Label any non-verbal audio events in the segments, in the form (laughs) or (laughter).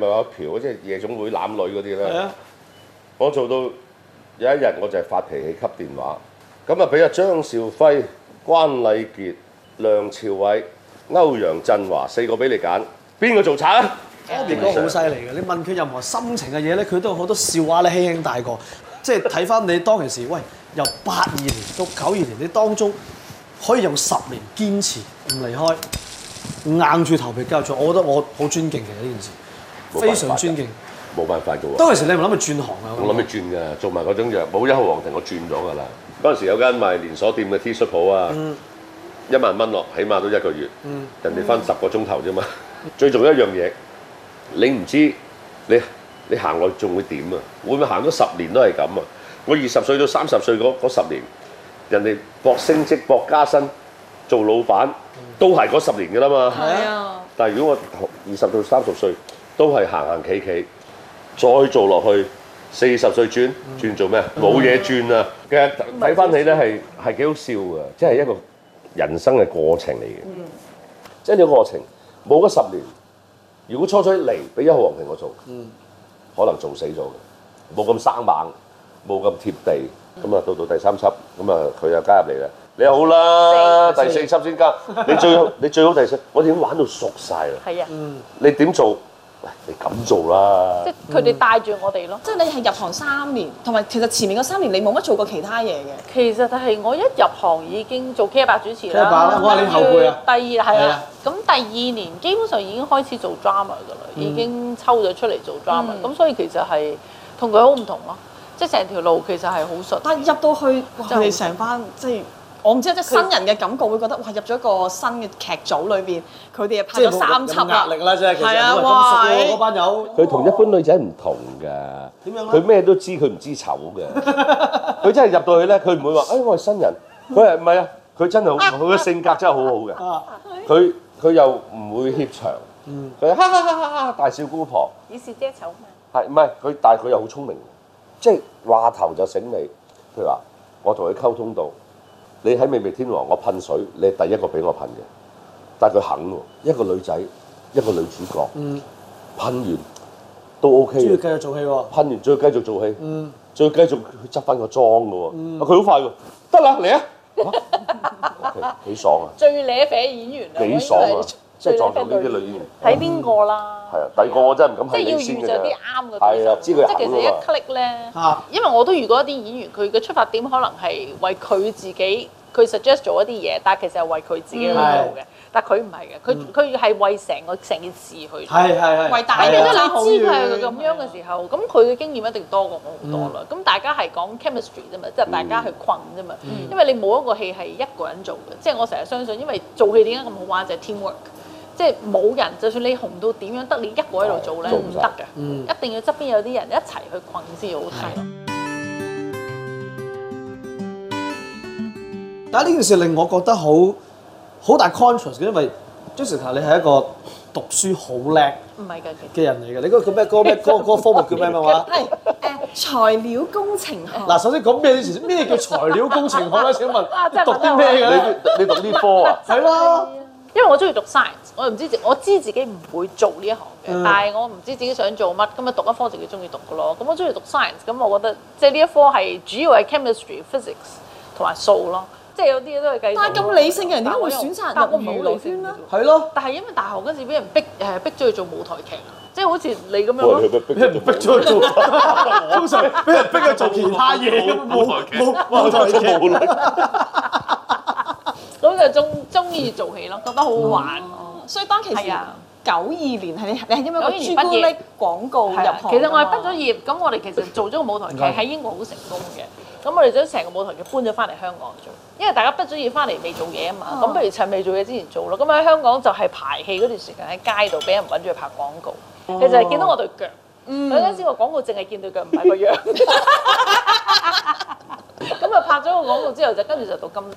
咪話僆即係夜總會攬女嗰啲咧，啊、我做到有一日我就係發脾氣吸電話。咁啊，俾阿張兆輝、關禮傑、梁朝偉、歐陽震華四個俾你揀，邊個做賊啊？阿 B 哥好犀利嘅，你問佢任何心情嘅嘢咧，佢都有好多笑話咧輕輕帶過。即係睇翻你當其時，喂，由八二年到九二年，你當中可以用十年堅持唔離開，硬住頭皮交出，我覺得我好尊敬其實呢件事。非常尊敬，冇辦法嘅喎。嗰陣時你唔諗住轉行啊？我諗覺住轉嘅，做埋嗰種藥。冇一號皇庭，我轉咗㗎啦。嗰陣 (noise) 時有間賣連鎖店嘅 T-shirt 鋪啊，mm. 一萬蚊落，起碼都一個月。Mm. 人哋分十個鐘頭啫嘛。最重要一樣嘢，你唔知你你行落仲會點啊？會唔會行咗十年都係咁啊？我二十歲到三十歲嗰十年，人哋搏升職、搏加薪、做老闆，都係嗰十年㗎啦嘛。係啊。但係如果我二十到三十歲，都係行行企企，再做落去四十歲轉轉做咩啊？冇嘢轉啊！其實睇翻起咧係係幾好笑噶，即係一個人生嘅過程嚟嘅。嗯，即係你過程冇咗十年，如果初初嚟俾一號王平我做，嗯，可能做死咗嘅，冇咁生猛，冇咁貼地。咁啊，到到第三輯咁啊，佢又加入嚟啦。你好啦，第四輯先加。你最好你最好第四，我哋已經玩到熟曬啦。係啊，嗯，你點做？你咁做啦！嗯、即係佢哋帶住我哋咯。即係你係入行三年，同埋其實前面嗰三年你冇乜做過其他嘢嘅。其實就係我一入行已經做 K18 主持啦。K18？我係你後輩啊。嗯、第二係啊，咁第二年基本上已經開始做 drama 嘅啦，嗯、已經抽咗出嚟做 drama、嗯。咁所以其實係同佢好唔同咯。即係成條路其實係好順。但係入到去，就係成班即係。我唔知即係新人嘅感覺，會覺得哇入咗一個新嘅劇組裏邊，佢哋又拍咗三輯啦。係啊，哇！我嗰班友佢同一般女仔唔同㗎，點樣咧？佢咩都知，佢唔知醜嘅。佢真係入到去咧，佢唔會話誒，我係新人。佢係唔係啊？佢真係好，佢嘅性格真係好好嘅。佢佢又唔會怯場，佢哈哈哈哈大笑姑婆。以是遮醜咩？係唔係佢？但係佢又好聰明，即係話頭就醒尾。譬如話，我同佢溝通到。你喺《美味天王》，我噴水，你係第一個俾我噴嘅，但係佢肯喎，一個女仔，一個女主角，噴、嗯、完都 OK，啊、要繼續做戲喎，噴完仲要繼續做戲，仲、嗯、要繼續去執翻個妝嘅喎，佢好快喎，得啦，嚟啊，幾、 (laughs) okay，爽啊，最瀨瀨演員啊，幾爽啊！即係撞到呢啲類型，睇邊個啦？係啊，第二個我真係唔敢係，即係要預預啲啱嘅對手。即係其實一 click 咧，因為我都遇過一啲演員，佢嘅出發點可能係為佢自己，佢 suggest 做一啲嘢，但係其實係為佢自己去做嘅。但佢唔係嘅，佢佢係為成個成件事去。係係係。為大家。睇你知佢係咁樣嘅時候，咁佢嘅經驗一定多過我好多啦。咁大家係講 chemistry 啫嘛，即係大家去困啫嘛。因為你冇一個戲係一個人做嘅，即係我成日相信，因為做戲點解咁好玩就係 teamwork。即係冇人，就算你紅到點樣得，你一個喺度做咧唔得嘅，一定要側邊有啲人一齊去困先好睇。但係呢件事令我覺得好好大 contrast 因為 Jessica 你係一個讀書好叻唔係㗎嘅人嚟嘅。你嗰個咩科咩科科科目叫咩名啊？係誒材料工程學。嗱，首先講咩？咩叫材料工程學咧？請問你讀啲咩㗎？你你讀呢科啊？係啦。因為我中意讀 science，我又唔知我知自己唔會做呢一行嘅，但係我唔知自己想做乜，咁咪讀一科自己中意讀嘅咯。咁我中意讀 science，咁我覺得即係呢一科係主要係 chemistry、physics 同埋數咯，即係有啲嘢都係計，但係咁理性嘅人點解會選擇人哋唔好理性咧？係咯。但係因為大學嗰陣時俾人逼逼咗去做舞台劇，即係好似你咁樣咯，人逼咗去做，通常俾人逼佢做其他嘢，舞台劇，冇做舞台劇。就中中意做戲咯，覺得好好玩。所以當其時九二年，係你係因為我朱古力廣告入行。其實我係畢咗業，咁我哋其實做咗個舞台劇喺英國好成功嘅。咁我哋將成個舞台劇搬咗翻嚟香港做，因為大家畢咗業翻嚟未做嘢啊嘛。咁不如趁未做嘢之前做咯。咁喺香港就係排戲嗰段時間，喺街度俾人揾住去拍廣告。其實係見到我對腳。有陣時個廣告淨係見到腳，唔係個樣。咁啊，拍咗個廣告之後，就跟住就到今。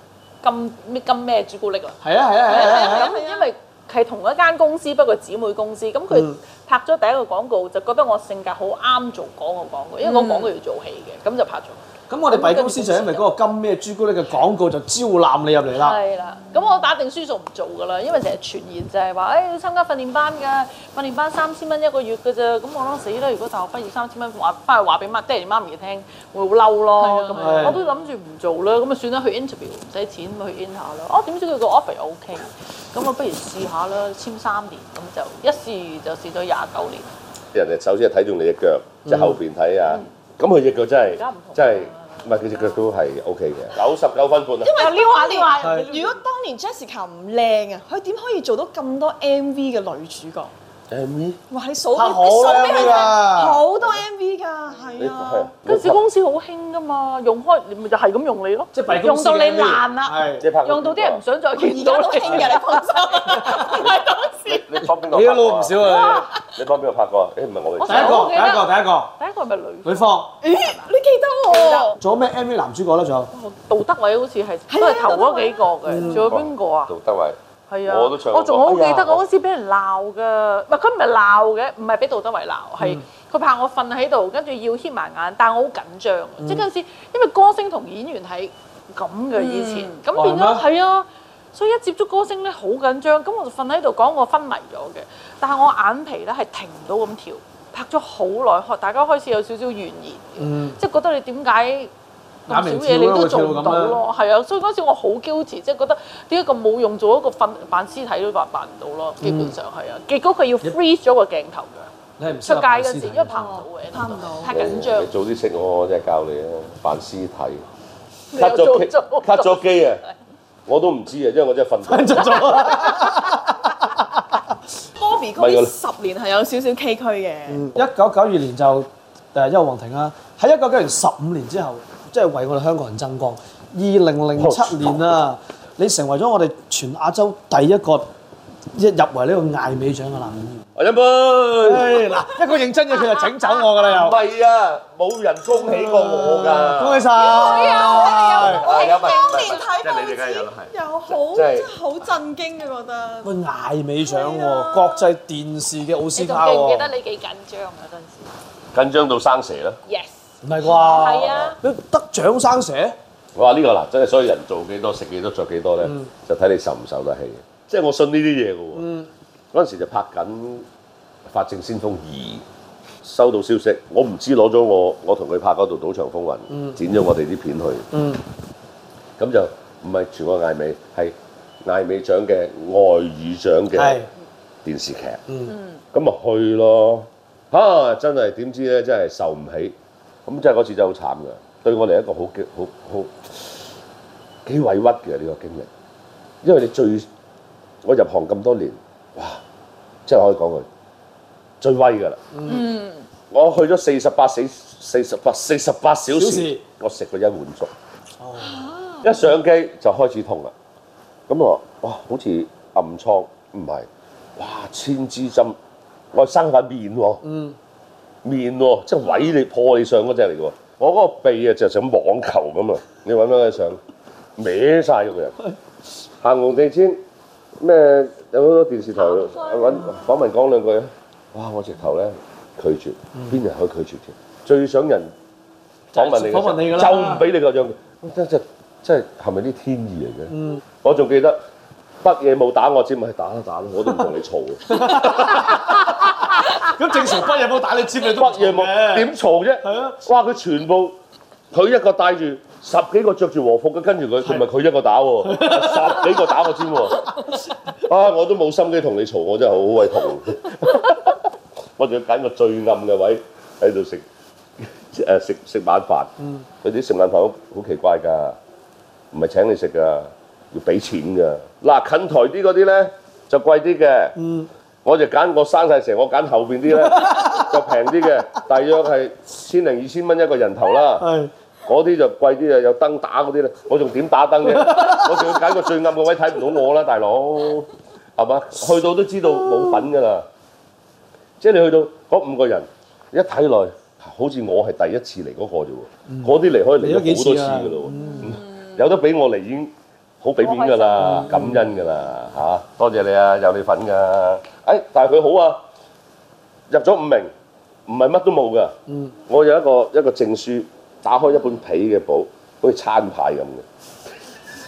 咁咩金咩朱古力啊？係啊係啊係啊！啊啊啊啊啊，因為係同一間公司，不過姊妹公司。咁佢拍咗第一個廣告，嗯、就覺得我性格好啱做廣告廣告，因為個廣告要做戲嘅，咁就拍咗。咁我哋弊公司就因為嗰個金咩朱古力嘅廣告就招攬你入嚟啦。係啦，咁我打定輸數唔做㗎啦，因為成日傳言就係話，誒參加訓練班㗎，訓練班三千蚊一個月㗎啫。咁我諗死啦，如果大學畢業三千蚊，話翻去話俾媽爹哋媽咪聽，會好嬲咯。咁我都諗住唔做啦，咁啊算啦，去 interview 唔使錢，咁去 int 下咯。哦，點知佢個 offer OK，咁我不如試下啦，簽三年，咁就一試就試咗廿九年。人哋首先係睇中你隻腳，即係後邊睇啊。咁佢隻腳真係真係。唔係佢隻腳都係 O K 嘅，九十九分半啊。因為你話你話，如果當年 Jessica 唔靚啊，佢點可以做到咁多 M V 嘅女主角？M V 哇，你數咁，拍好多 M V 噶，好多 M V 噶，係啊。陣時公司好興㗎嘛，用開咪就係咁用你咯，用到你爛啦，用到啲人唔想再見。而家都興嘅，你放心。你幫邊個？你嘅路唔少啊！你你幫邊個拍過？誒，唔係我嚟。第一個，第一個，第一個。第一個係咪女？女方？咦？你記得喎？仲有咩 MV 男主角啦？仲有？杜德偉好似係都係頭嗰幾個嘅。仲有邊個啊？杜德偉。係啊。我都唱過。我仲好記得我好似俾人鬧㗎。唔係佢唔係鬧嘅，唔係俾杜德偉鬧，係佢怕我瞓喺度，跟住要瞌埋眼，但係我好緊張。即係嗰陣時，因為歌星同演員係咁嘅以前，咁變咗係啊。所以一接觸歌星咧好緊張，咁我就瞓喺度講我昏迷咗嘅，但係我眼皮咧係停唔到咁跳，拍咗好耐，大家開始有、嗯、麼麼少少懸疑，即係覺得你點解咁少嘢你都做唔到咯？係啊，所以嗰時我好 g u 即係覺得點解咁冇用，做一個扮屍體都扮唔到咯。基本上係啊，嗯、結果佢要 freeze 咗個鏡頭嘅出街嘅時，因為拍唔到嘅，拍唔到，到太緊張。哦、你早啲識我，我真係教你啊，扮屍體，cut 咗 (laughs) 機 c 咗機啊！我都唔知嘅，因為我真係瞓著咗。b 比 b b 十年係有少少崎嶇嘅。一九九二年就誒一個王庭啦，喺一九九二年十五年之後，即、就、係、是、為我哋香港人增光。二零零七年啊， (laughs) 你成為咗我哋全亞洲第一個。一入圍呢個艾美獎嘅男人，我飲杯。嗱，一個認真嘅佢就整走我㗎啦，又。唔係啊，冇人恭喜過我㗎。恭喜曬。有啊有，我係當年睇過啲，有好真係好震驚嘅覺得。個艾美獎喎，國際電視嘅奧斯卡喎。記唔記得你幾緊張啊？嗰陣時緊張到生蛇啦。Yes。唔係啩？係啊。得獎生蛇？我話呢個啦，真係所以人做幾多食幾多著幾多咧，就睇你受唔受得起。即係我信呢啲嘢㗎喎。嗰陣、嗯、時就拍緊《法證先鋒二》，收到消息，我唔知攞咗我，我同佢拍嗰套《賭場風雲》嗯，剪咗我哋啲片去。咁、嗯、就唔係全個艾美，係艾美獎嘅外語獎嘅電視劇。咁、嗯、啊去咯！嚇，真係點知咧？真係受唔起。咁真係嗰次真係好慘㗎。對我嚟一個好嘅，好好幾委屈嘅呢、呢個經歷，因為你最。我入行咁多年，哇！即係可以講佢，最威㗎喇。嗯、我去咗四十八四四十八四十八小時，小事我食過一碗粥。啊、一上機就開始痛啦。咁我哇，好似暗瘡，唔係哇，千支針。我生塊面喎，嗯、面喎、哦，即係毀你破你相嗰隻嚟㗎喎。我嗰個鼻啊，就係像網球咁啊。你揾返佢上，歪晒個樣，的行紅地氈。咩有好多電視台揾、oh, 訪問講兩句啊！哇！我直頭咧拒絕，邊人可以拒絕嘅？最想人訪問你，訪問你就唔俾你個樣。啊、真真真係係咪啲天意嚟嘅？嗯、我仲記得北野冇打我，我知咪打一打，一打，我都唔同你嘈，咁正常北野冇打你，知你都冇嘅，點嘈啫？係啊！ (laughs) (laughs) 哇！佢全部佢一個帶住。十幾個着住和服嘅跟住佢，唔係佢一個打喎， (laughs) 十幾個打我先喎、啊。啊，我都冇心機同你嘈，我真係好胃痛。 (laughs) 我仲要揀個最暗嘅位喺度、呃、食，誒食食晚飯。嗰啲食晚飯好好奇怪㗎，唔係請你食㗎，要俾錢㗎。嗱、啊、近台啲嗰啲咧就貴啲嘅。嗯，我就揀我生晒成，我揀後邊啲咧就平啲嘅，大約係千零二千蚊一個人頭啦。係是。 (laughs) 嗰啲就貴啲啊！有燈打嗰啲咧，我仲點打燈啫？ (laughs) 我仲要揀個最暗嘅位睇唔到我啦，大佬係嘛？去到都知道冇份㗎啦。即係你去到嗰五個人一睇來，好似我係第一次嚟嗰個啫喎。嗰啲嚟可以嚟咗好多次㗎啦，嗯、 (laughs) 有得俾我嚟已經好俾面㗎啦，嗯、感恩㗎啦嚇！嗯、多謝你啊，有你的份㗎。誒、哎，但係佢好啊，入咗五名，唔係乜都冇㗎。嗯、我有一個一個證書。打開一本皮嘅簿，好似餐牌咁嘅，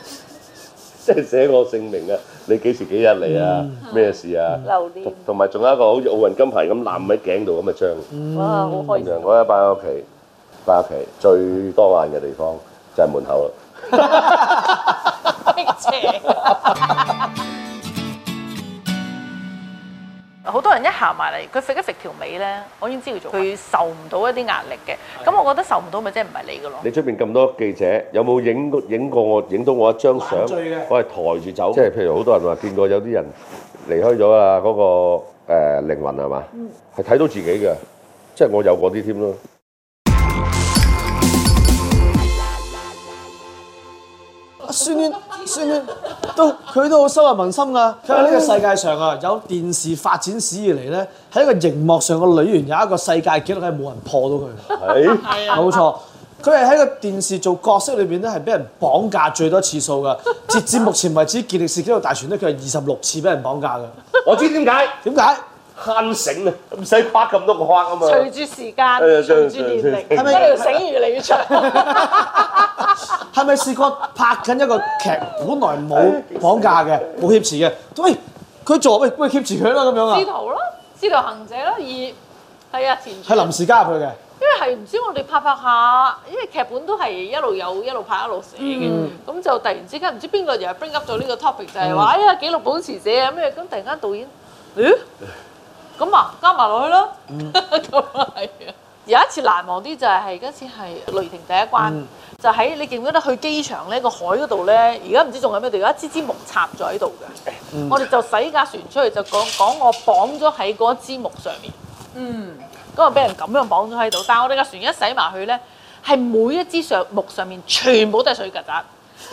(laughs) 即係寫我姓名啊！你幾時幾日嚟啊？咩事啊？留念。同埋仲有一個好似奧運金牌咁攬喺頸度咁嘅章。哇！好開心。陽哥擺喺屋企，擺喺屋企最多眼嘅地方就係門口咯。 (laughs) (laughs) 好多人一行埋嚟，佢揈一揈條尾咧，我已經知道佢做。佢受唔到一啲壓力嘅，咁的我覺得受唔到咪即係唔係你嘅咯？你出邊咁多記者，有冇影過影過我影到我一張相？我係抬住走。 (laughs) 即係譬如好多人話見過有啲人離開咗啊，嗰個誒靈魂係嘛？係睇、嗯、到自己嘅，即係我有嗰啲添咯。孫孫都佢都好收入民心㗎。佢喺呢個世界上啊，有電視發展史以嚟咧，喺一個熒幕上個女員有一個世界紀錄係冇人破到佢。係嗎，冇錯。佢係喺個電視做角色裏邊咧，係俾人綁架最多次數㗎。截至目前為止，《健力士》紀錄大全咧，佢係二十六次俾人綁架㗎。我知點解？點解？慳繩啊！唔使拍咁多個框啊嘛！隨住時間，隨住年齡，係咪條繩越嚟越長？係咪試過拍緊一個劇，本來冇綁架嘅，冇挾持嘅？喂，佢做咩？咩挾持佢啦？咁樣啊？司徒啦，司徒行者啦，而係啊前。係臨時加入去嘅，因為係唔知我哋拍拍下，因為劇本都係一路有，一路拍，一路寫嘅。咁就突然之間唔知邊個又 bring up 咗呢個 topic，就係話：哎呀，紀錄保持者啊咩咁？突然間導演，嗯？咁啊，加埋落去咯，咁啊、嗯、 (laughs) (laughs) 有一次難忘啲就係係嗰次係雷霆第一關。嗯、就喺你記唔記得去機場咧個海嗰度咧？而家唔知仲有咩度，有一支支木插咗喺度嘅。嗯、我哋就駛架船出去，就講講我綁咗喺嗰支木上面。嗯，咁啊俾人咁樣綁咗喺度，但係我哋架船一駛埋去咧，係每一支上木上面全部都係水曱甴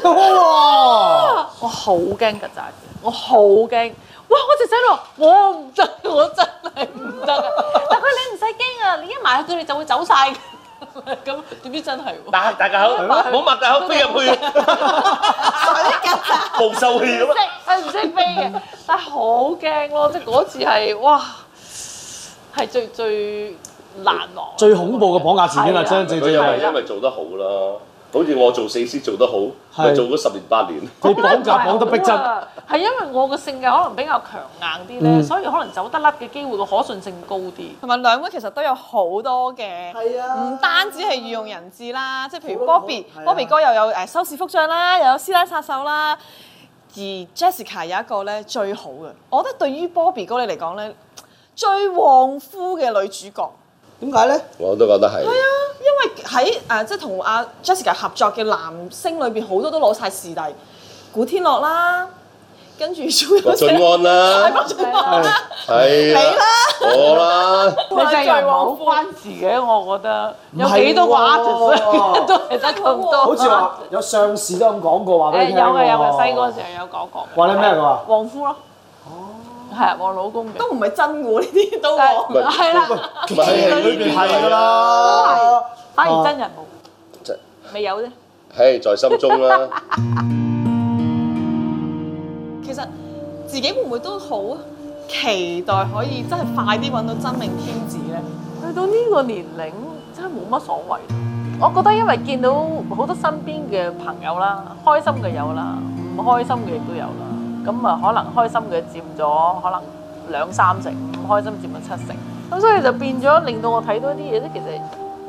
哇。 (laughs) 我好驚曱甴，我好驚。哇！我隻仔話：我唔得，我真係唔得啊！ (laughs) 但佢你唔使驚啊，你一埋到你就會走晒！咁 (laughs) 點知真係喎、啊？擘大家好！好擘大口飛入去，冇受氣咁。識係唔識飛嘅，但係好驚咯！即係嗰次係哇，係最最難忘。最恐怖嘅綁架事件啦，真真正正係因為做得好啦。好似我做四 C 做得好，係是做咗十年八年，你講架講得逼真，係因為我個性格可能比較強硬啲咧，嗯、所以可能走得甩嘅機會個可信性高啲。同埋兩位其實都有好多嘅，唔、啊、單止係御用人質啦，即係譬如 Bobby，Bobby、啊、哥又有誒收視副將啦，又有師奶殺手啦。而 Jessica 有一個咧最好嘅，我覺得對於 Bobby 哥你嚟講咧，最旺夫嘅女主角點解咧？呢我都覺得係。喺誒即係同阿 Jessica 合作嘅男星裏邊，好多都攞晒視帝，古天樂啦，跟住仲有咩？郭晉安啦，係郭晉安，係啊，你啦，我啦，其實好關事嘅，我覺得有幾多個阿 Sir 都係得咁多。好似話有相士都咁講過話俾你聽，有嘅有嘅，細個時候有講過。話你咩嘅話？旺夫咯，係啊，旺老公嘅。都唔係真嘅呢啲都係，係啦，唔係裏面係㗎啦。反而真人冇，啊、未有啫。喺、hey, 在心中啦。 (laughs) 其實自己會唔會都好期待可以真係快啲揾到真命天子呢？去到呢個年齡，真係冇乜所謂。我覺得因為見到好多身邊嘅朋友啦，開心嘅有啦，唔開心嘅亦都有啦。咁啊，可能開心嘅佔咗可能兩三成，唔開心佔咗七成。咁所以就變咗令到我睇到啲嘢咧，其實，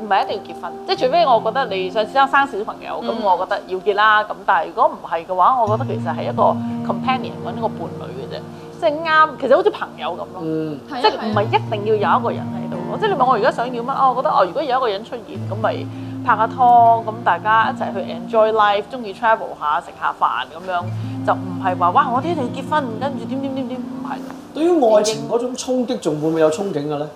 唔係一定要結婚，即係除非我覺得你想生生小朋友，咁、嗯、我覺得要結啦。咁但係如果唔係嘅話，我覺得其實係一個 companion 搵一個伴侶嘅啫，即係啱。其實好似朋友咁咯，即係唔係一定要有一個人喺度咯。即係你問我而家想要乜？我覺得哦，如果有一個人出現，咁咪拍下拖，咁大家一齊去 enjoy life，中意 travel 下，食下飯咁樣，就唔係話哇我哋一定要結婚，跟住點點點點唔係。對於愛情嗰種衝擊，仲會唔會有憧憬嘅咧？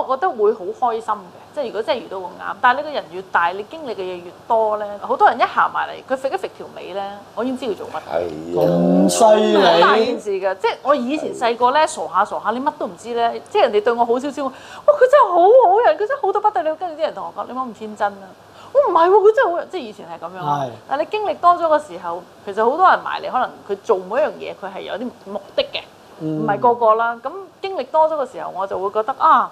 我覺得會好開心嘅，即係如果真係遇到咁啱。但係你個人越大，你經歷嘅嘢越多咧，好多人一行埋嚟，佢揈一揈條尾咧，我已經知佢做乜？係，咁犀利。好大件事㗎，即係我以前細個咧，傻下傻下，你乜都唔知咧。即係人哋對我好少少，哇！佢真係好好人，佢真係好到不得了。跟住啲人同我講，你冇咁天真啦。我唔係喎，佢、啊、真係好，人。」即係以前係咁樣。係。但係你經歷多咗嘅時候，其實好多人埋嚟，可能佢做每一樣嘢，佢係有啲目的嘅，唔係個個啦。咁、嗯、經歷多咗嘅時候，我就會覺得啊。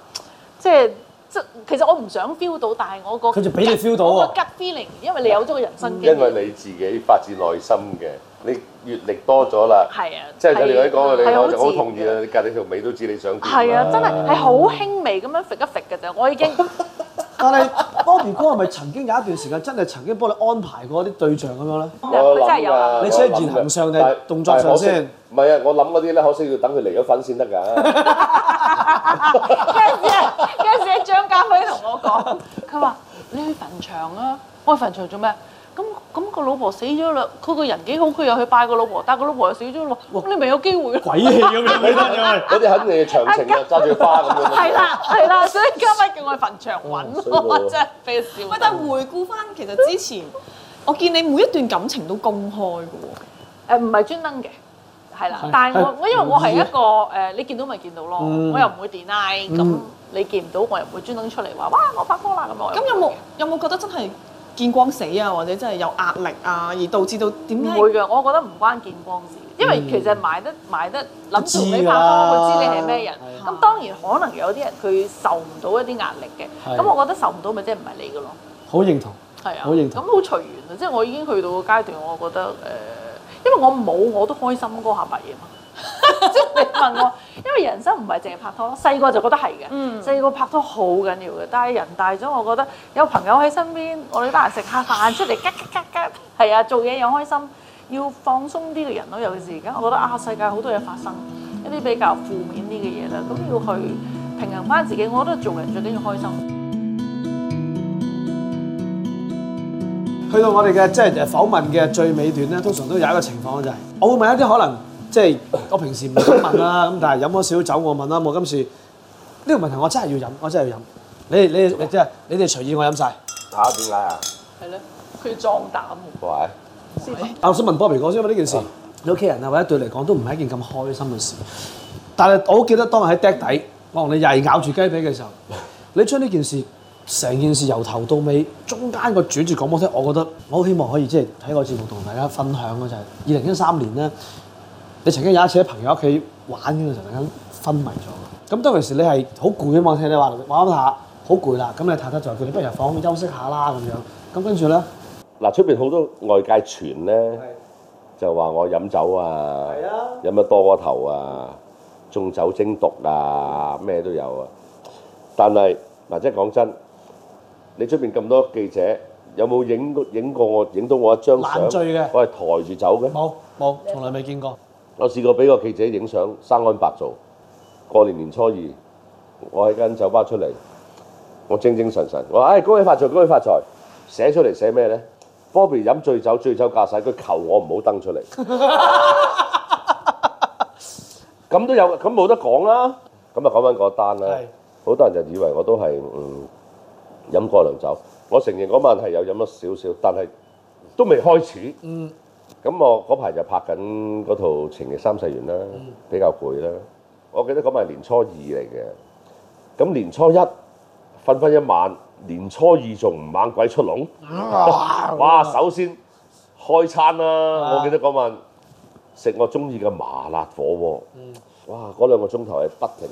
即係即其實我唔想 feel 到，但係我個佢就俾你 feel 到啊！gut feeling，因為你有咗個人生經驗，因為你自己發自內心嘅，你閲歷多咗啦，係啊，即係、啊、我哋嗰啲講嘅，你就好同意啦。你隔你條尾都知你想點，係啊，啊真係係好輕微咁樣揈一揈嘅啫。我已經，我哋 (laughs) 是。 (laughs) 波比哥係咪曾經有一段時間真係曾經幫你安排過啲對象咁樣咧？我真係有，你喺言行上定動作上先？唔係啊，我諗嗰啲咧，可惜要等佢離咗婚先得㗎。跟住， (laughs) (laughs) 跟住張家輝同我講，佢話：你去墳場啊？我去墳場做咩？咁咁個老婆死咗啦，佢個人幾好，佢又去拜個老婆，但個老婆又死咗喎。哇！你咪有機會，鬼氣咁樣，嗰啲肯定長情嘅，揸住花嘅。係啦，係啦，所以今晚叫我去墳場揾咯，真係非常。喂，但係回顧翻其實之前，我見你每一段感情都公開嘅喎。誒唔係專登嘅，係啦。但係我我因為我係一個誒，你見到咪見到咯，我又唔會 deny。咁你見唔到我又唔會專登出嚟話哇，我發光啦咁樣。咁有冇有冇覺得真係？見光死啊，或者真係有壓力啊，而導致到點解？唔會嘅，我覺得唔關見光事，因為其實買得買得，諗住你拍拖，我會知你係咩人。咁的當然可能有啲人佢受唔到一啲壓力嘅。咁的我覺得受唔到咪即係唔係你嘅咯。好認同，係啊的，好認同。咁好隨緣啊！即係我已經去到個階段，我覺得誒、呃，因為我冇我都開心嗰下咪啊嘛。你問我，因為人生唔係淨係拍拖，細個就覺得係嘅。細個拍拖好緊要嘅，但係人大咗，我覺得有朋友喺身邊，我哋得閒食下飯出嚟，吉吉吉吉，係啊，做嘢又開心，要放鬆啲嘅人咯。尤其是而家，我覺得啊，世界好多嘢發生，一啲比較負面啲嘅嘢啦，咁要去平衡返自己。我覺得做人最緊要開心。去到我哋嘅即係訪問嘅最尾段咧，通常都有一個情況就係，我會問一啲可能。即係我平時唔想問啦，咁但係飲咗少少酒，我問啦。我今次呢個問題我真係要飲，我真係要飲。你哋你即係你哋隨意我，我飲晒嚇？點解啊？係咯、啊，佢要壯膽。喂，師喂我想問波比哥先啊，因為呢件事你屋企人啊或者對你嚟講都唔係一件咁開心嘅事。但係我好記得當日喺 d 釘底，我同你係咬住雞髀嘅時候，你將呢件事成件事由頭到尾，中間個轉住講波比，我覺得我好希望可以即係喺個節目同大家分享嘅就係二零一三年咧。你曾經有一次喺朋友屋企玩嘅時候，突然間昏迷咗。咁當時你係好攰吖嘛？聽你話玩下，好攰啦。咁你太太就叫你不如入房休息下啦咁樣。咁跟住咧，嗱出邊好多外界傳咧，就話我飲酒啊，飲得多過頭啊，中酒精毒啊，咩都有啊。但係嗱，即係講真，你出邊咁多記者有冇影影過我？影到我一張爛醉嘅，我係抬住走嘅。冇冇，從來未見過。我試過俾個記者影相，生安白造，過年年初二，我喺間酒吧出嚟，我精精神神，我唉、哎，恭喜發財，恭喜發財，寫出嚟寫咩咧？波比飲醉酒，醉酒駕駛，佢求我唔好登出嚟。咁、 (laughs) 啊、都有，咁冇得講啦。咁啊，講翻嗰單啦，好多人就以為我都係飲、嗯、過量酒，我承認嗰晚係有飲咗少少，但係都未開始。嗯咁我嗰排就拍緊嗰套《情逆三世緣》啦，比較攰啦。我記得嗰晚係年初二嚟嘅，咁年初一瞓返一晚，年初二仲唔猛鬼出籠。啊、哇！首先開餐啦，啊、我記得嗰晚食我中意嘅麻辣火鍋。嗯、哇！嗰兩個鐘頭係不停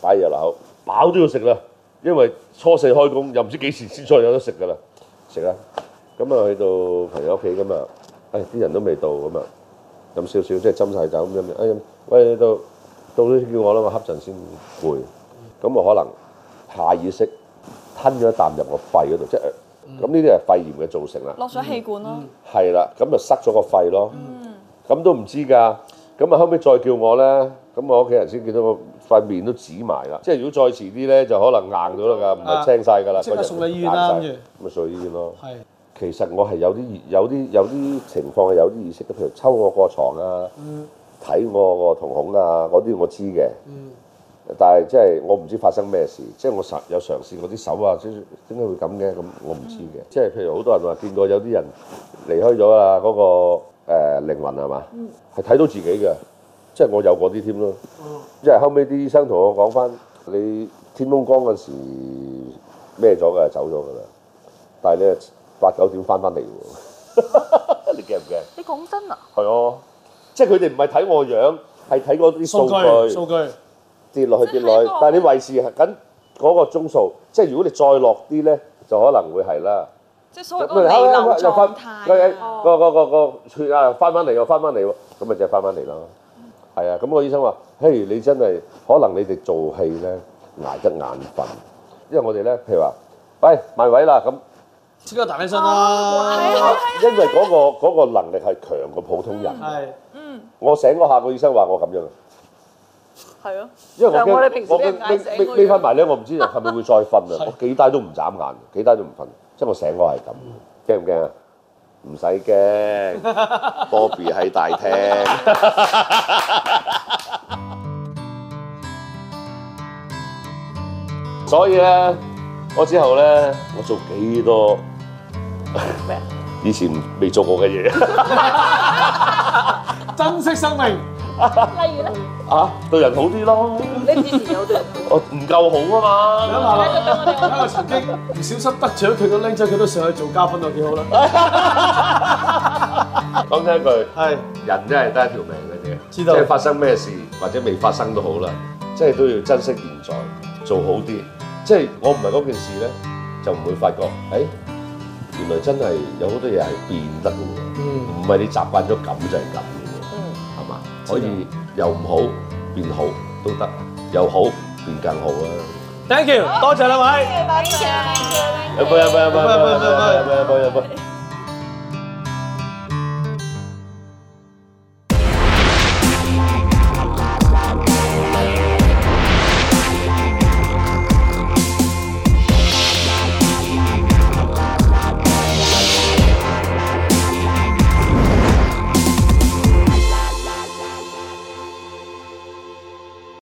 擺入樓，飽都要食啦，因為初四開工又唔知幾時先出再有得食㗎啦。食啦，咁啊去到朋友屋企㗎嘛。誒啲人都未到咁啊，飲少少即係斟晒酒咁樣。哎喂到到咗叫我啦嘛，瞌陣先攰。咁我可能下意識吞咗一啖入個肺嗰度，即係咁呢啲係肺炎嘅造成啦。落咗氣管咯。係啦，咁咪塞咗個肺咯。嗯。咁都唔知㗎。咁啊後尾再叫我咧，咁我屋企人先見到個塊面都紫埋啦。即係如果再遲啲咧，就可能硬咗啦㗎，唔係青晒㗎啦。啊、那天 即刻送你醫院啦，跟住了。咪送醫院咯是。係。其實我係有啲有啲有啲情況係有啲意識嘅，譬如抽我個床啊，睇、嗯、我個瞳孔啊，嗰啲我知嘅。嗯、但係即係我唔知發生咩事，即係我嘗有嘗試我啲手啊，點解會咁嘅？咁我唔知嘅。即係譬如好多人話見過有啲人離開咗啊，嗰個誒靈魂係嘛，係睇、嗯、到自己嘅，即係我有嗰啲添咯。嗯、即係後尾啲醫生同我講翻，你天空光嗰時咩咗嘅，走咗㗎啦。但係咧。八九點翻翻嚟喎，你驚唔驚？你講真啊？係啊，即係佢哋唔係睇我樣，係睇嗰啲數據。數據跌落去跌落去，但係你維持緊嗰個鐘數，即係如果你再落啲咧，就可能會係啦。即係所謂微流狀態。個個個個血啊，翻翻嚟又翻翻嚟喎，咁咪即係翻翻嚟啦。係啊，咁個醫生話：嘿，你真係可能你哋做戲咧挨得眼瞓，因為我哋咧，譬如話，喂埋位啦咁。試過彈起身啦，因為嗰個嗰個能力係強過普通人。係，嗯。我醒嗰下，個醫生話我咁樣啊。係咯。因為我驚我孭孭孭翻埋咧，我唔知係咪會再瞓啊！我幾低都唔眨眼，幾低都唔瞓，即係我醒我係咁。驚唔驚啊？唔使驚，Bobby 喺大廳。所以咧，我之後咧，我做幾多？咩？以前未做過嘅嘢，珍惜生命。例如咧嚇、啊，對人好啲咯。你之前有對人好，我唔夠好啊嘛。諗下曾經唔小心得罪咗佢個僆仔，佢都上去做嘉賓，又幾好啦。講真一句，係人真係得一條命嘅嘢，即係知道發生咩事或者未發生都好啦，即係都要珍惜現在，做好啲。即、就、係、是、我唔係嗰件事咧，就唔會發覺，誒、欸。原來真係有好多嘢係變得㗎喎，唔係、嗯、你習慣咗咁就係咁嘅喎，係嘛？可以又唔好變好都得，又好變更好啊！Thank you，好多謝兩位，有冇有冇有冇有冇有冇有冇有冇有冇？